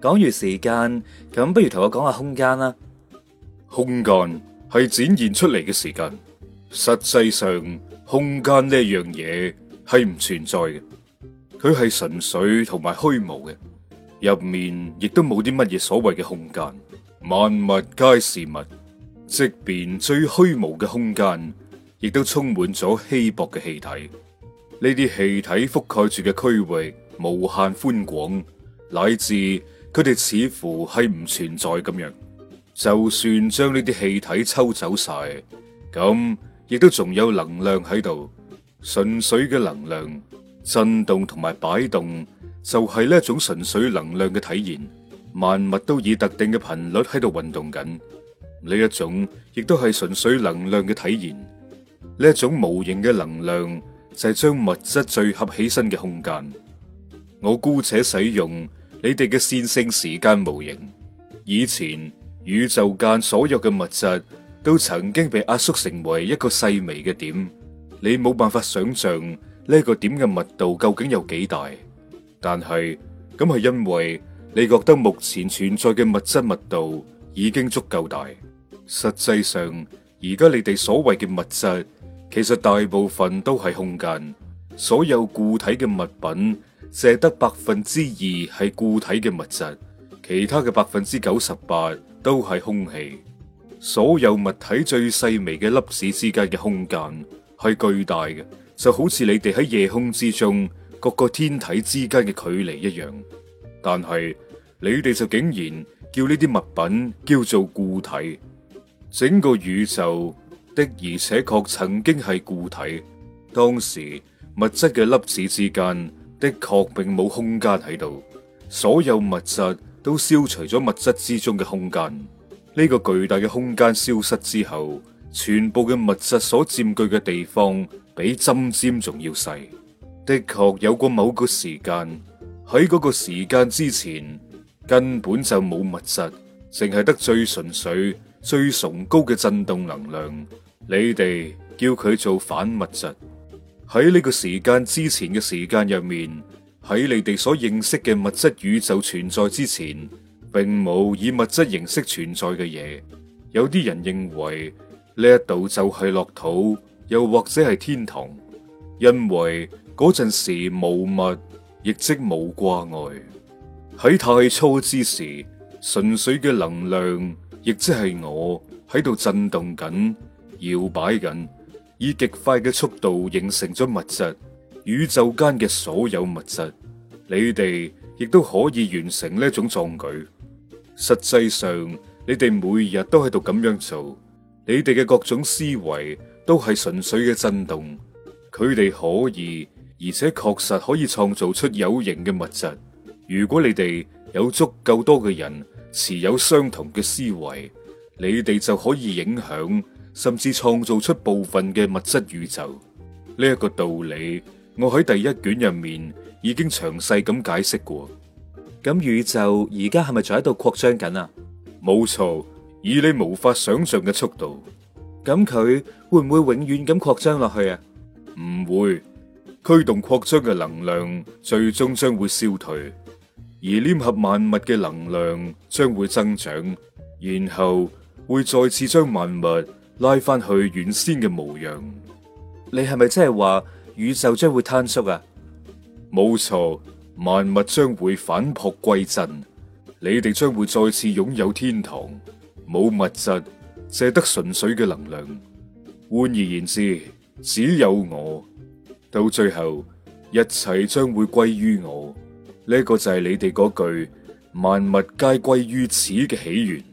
講完時間，咁不如同我講下空間啦。空間係展現出嚟嘅時間，實際上空間呢樣嘢係唔存在嘅，佢係純粹同埋虛無嘅，入面亦都冇啲乜嘢所謂嘅空間。萬物皆事物，即便最虛無嘅空間，亦都充滿咗稀薄嘅氣體。呢啲氣體覆蓋住嘅區域無限寬廣，乃至。佢哋似乎係唔存在咁樣，就算將呢啲氣體抽走晒，咁亦都仲有能量喺度。純粹嘅能量震動同埋擺動，就係呢一種純粹能量嘅體現。萬物都以特定嘅頻率喺度運動緊，呢一種亦都係純粹能量嘅體現。呢一種無形嘅能量就係將物質聚合起身嘅空間。我姑且使用。你哋嘅線性時間模型，以前宇宙間所有嘅物質都曾經被壓縮成為一個細微嘅點，你冇辦法想象呢個點嘅密度究竟有幾大。但係咁係因為你覺得目前存在嘅物質密度已經足夠大。實際上，而家你哋所謂嘅物質，其實大部分都係空間，所有固體嘅物品。借得百分之二係固體嘅物質，其他嘅百分之九十八都係空氣。所有物體最細微嘅粒子之間嘅空間係巨大嘅，就好似你哋喺夜空之中各個天體之間嘅距離一樣。但係你哋就竟然叫呢啲物品叫做固體。整個宇宙的而且確曾經係固體，當時物質嘅粒子之間。的確並冇空間喺度，所有物質都消除咗物質之中嘅空間。呢個巨大嘅空間消失之後，全部嘅物質所佔據嘅地方比針尖仲要細。的確有過某個時間，喺嗰個時間之前，根本就冇物質，淨係得最純粹、最崇高嘅震動能量。你哋叫佢做反物質。喺呢個時間之前嘅時間入面，喺你哋所認識嘅物質宇宙存在之前，並冇以物質形式存在嘅嘢。有啲人認為呢一度就係樂土，又或者係天堂，因為嗰陣時無物，亦即冇掛礙。喺太初之時，純粹嘅能量，亦即係我喺度震動緊、搖擺緊。以極快嘅速度形成咗物質，宇宙間嘅所有物質，你哋亦都可以完成呢種壯舉。實際上，你哋每日都喺度咁樣做，你哋嘅各種思維都係純粹嘅震動。佢哋可以，而且確實可以創造出有形嘅物質。如果你哋有足夠多嘅人持有相同嘅思維，你哋就可以影響。甚至創造出部分嘅物質宇宙。呢一個道理，我喺第一卷入面已經詳細咁解釋過。咁宇宙而家係咪仲喺度擴張緊啊？冇錯，以你無法想象嘅速度。咁佢會唔會永遠咁擴張落去啊？唔會，驅動擴張嘅能量最終將會消退，而粘合萬物嘅能量將會增長，然後會再次將萬物。拉翻去原先嘅模樣。你係咪真係話宇宙將會坍縮啊？冇錯，萬物將會返璞歸真，你哋將會再次擁有天堂，冇物質借得純粹嘅能量。換而言之，只有我，到最後一切將會歸於我，呢個就係你哋嗰句萬物皆歸於此嘅起源。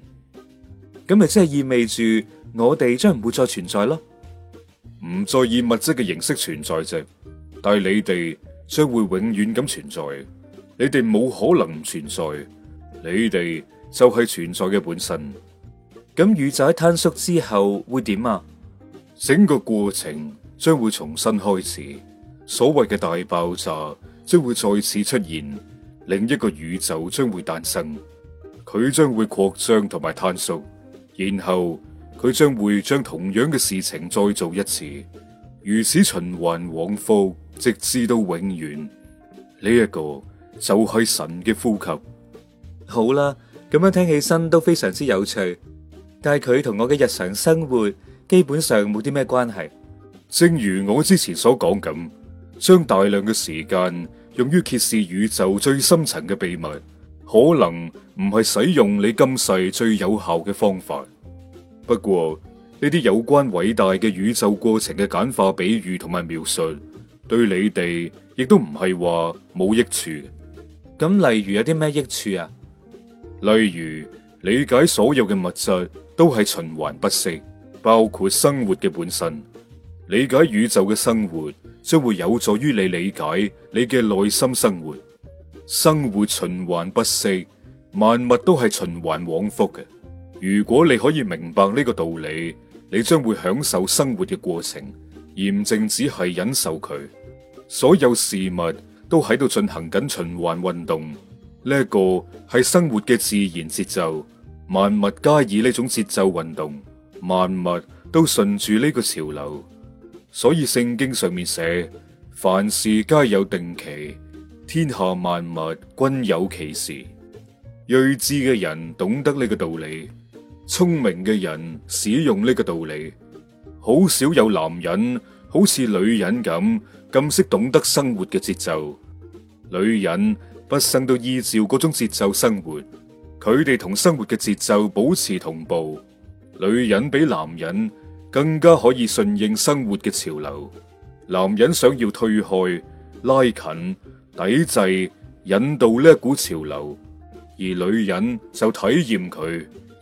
咁咪即係意味住？我哋將唔會再存在咯，唔再以物質嘅形式存在着，但係你哋將會永遠咁存在，你哋冇可能唔存在，你哋就係存在嘅本身。咁宇宙喺坍縮之後會點啊？整個過程將會重新開始，所謂嘅大爆炸將會再次出現，另一個宇宙將會誕生，佢將會擴張同埋坍縮，然後。佢將會將同樣嘅事情再做一次，如此循環往復，直至到永遠。呢一個就係神嘅呼吸。好啦，咁樣聽起身都非常之有趣，但係佢同我嘅日常生活基本上冇啲咩關係。正如我之前所講咁，將大量嘅時間用於揭示宇宙最深層嘅秘密，可能唔係使用你今世最有效嘅方法。不過呢啲有關偉大嘅宇宙過程嘅簡化比喻同埋描述，對你哋亦都唔係話冇益處。咁例如有啲咩益處啊？例如理解所有嘅物質都係循環不息，包括生活嘅本身。理解宇宙嘅生活，將會有助於你理解你嘅內心生活。生活循環不息，萬物都係循環往復嘅。如果你可以明白呢個道理，你將會享受生活嘅過程，而唔淨只係忍受佢。所有事物都喺度進行緊循環運動，呢個係生活嘅自然節奏，萬物皆以呢種節奏運動，萬物都順住呢個潮流。所以聖經上面寫，凡事皆有定期，天下萬物均有其時。睿智嘅人懂得呢個道理。聰明嘅人使用呢個道理，好少有男人好似女人咁咁識懂得生活嘅節奏。女人不生都依照嗰種節奏生活，佢哋同生活嘅節奏保持同步。女人比男人更加可以順應生活嘅潮流。男人想要推開、拉近、抵制、引導呢一股潮流，而女人就體驗佢。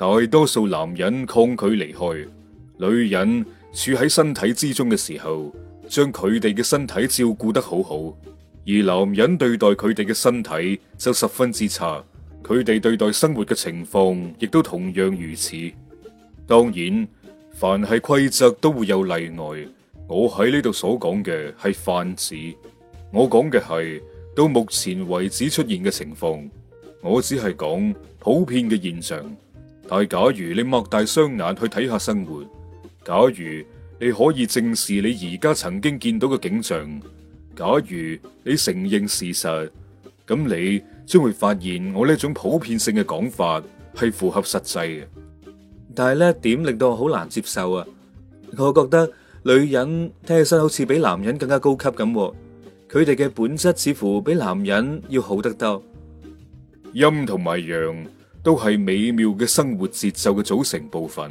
大多數男人抗拒離開，女人處喺身體之中嘅時候，將佢哋嘅身體照顧得好好，而男人對待佢哋嘅身體就十分之差。佢哋對待生活嘅情況亦都同樣如此。當然，凡係規則都會有例外。我喺呢度所講嘅係泛指，我講嘅係到目前為止出現嘅情況，我只係講普遍嘅現象。但係，假如你擘大雙眼去睇下生活，假如你可以正視你而家曾經見到嘅景象，假如你承認事實，咁你將會發現我呢種普遍性嘅講法係符合實際嘅。但係呢一點令到我好難接受啊！我覺得女人聽起身好似比男人更加高級咁啊，佢哋嘅本質似乎比男人要好得多。陰同埋陽。都係美妙嘅生活節奏嘅組成部分。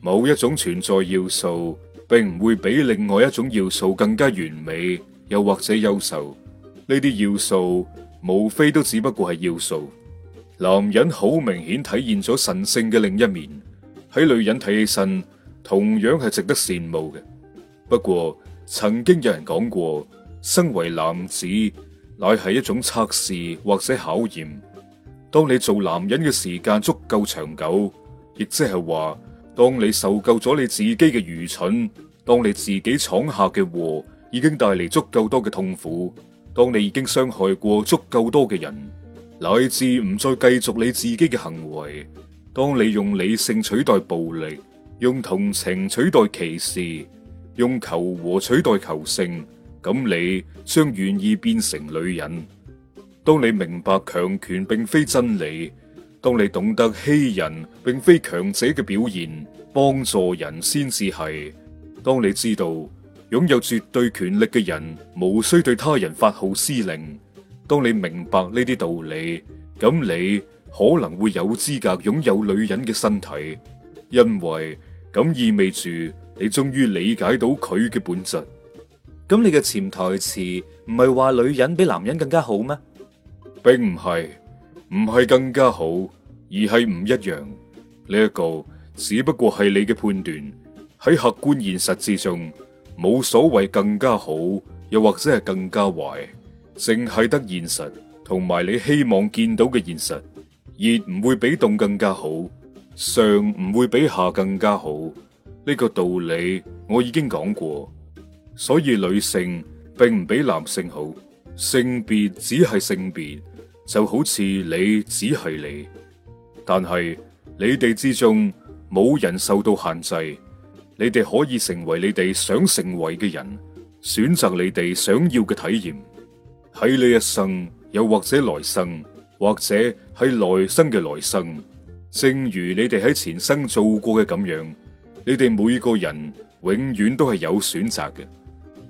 某一種存在要素，並唔會比另外一種要素更加完美，又或者優秀。呢啲要素，無非都只不過係要素。男人好明顯體現咗神聖嘅另一面，喺女人睇起身，同樣係值得羨慕嘅。不過，曾經有人講過，身為男子，乃係一種測試或者考驗。當你做男人嘅時間足夠長久，亦即係話，當你受夠咗你自己嘅愚蠢，當你自己闖下嘅禍已經帶嚟足夠多嘅痛苦，當你已經傷害過足夠多嘅人，乃至唔再繼續你自己嘅行為，當你用理性取代暴力，用同情取代歧視，用求和取代求勝，咁你將願意變成女人。當你明白強權並非真理，當你懂得欺人並非強者嘅表現，幫助人先至係。當你知道擁有絕對權力嘅人，無需對他人發號施令。當你明白呢啲道理，咁你可能會有資格擁有女人嘅身體，因為咁意味住你終於理解到佢嘅本質。咁你嘅潛台詞唔係話女人比男人更加好咩？並唔係唔係更加好，而係唔一樣。呢、這、一個只不過係你嘅判斷。喺客觀現實之中，冇所謂更加好，又或者係更加壞，淨係得現實同埋你希望見到嘅現實，熱唔會比凍更加好，上唔會比下更加好。呢、這個道理我已經講過，所以女性並唔比男性好，性別只係性別。就好似你只係你，但係你哋之中冇人受到限制，你哋可以成為你哋想成為嘅人，選擇你哋想要嘅體驗。喺呢一生，又或者來生，或者係來生嘅來生，正如你哋喺前生做過嘅咁樣，你哋每個人永遠都係有選擇嘅，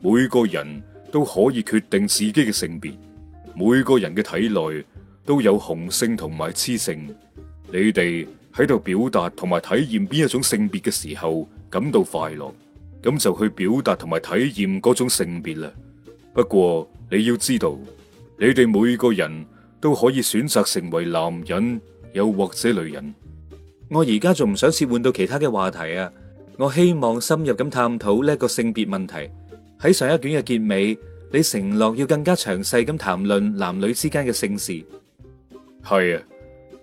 每個人都可以決定自己嘅性別。每個人嘅體內都有雄性同埋雌性，你哋喺度表達同埋體驗邊一種性別嘅時候感到快樂，咁就去表達同埋體驗嗰種性別啦。不過你要知道，你哋每個人都可以選擇成為男人又或者女人。我而家仲唔想切換到其他嘅話題啊！我希望深入咁探討呢個性別問題。喺上一卷嘅結尾。你承諾要更加詳細咁談論男女之間嘅性事，係啊！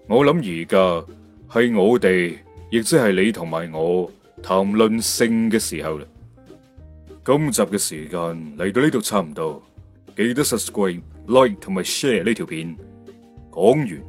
我諗而家係我哋，亦即係你同埋我談論性嘅時候啦。今集嘅時間嚟到呢度差唔多，記得 subscribe、like 同埋 share 呢條片。講完。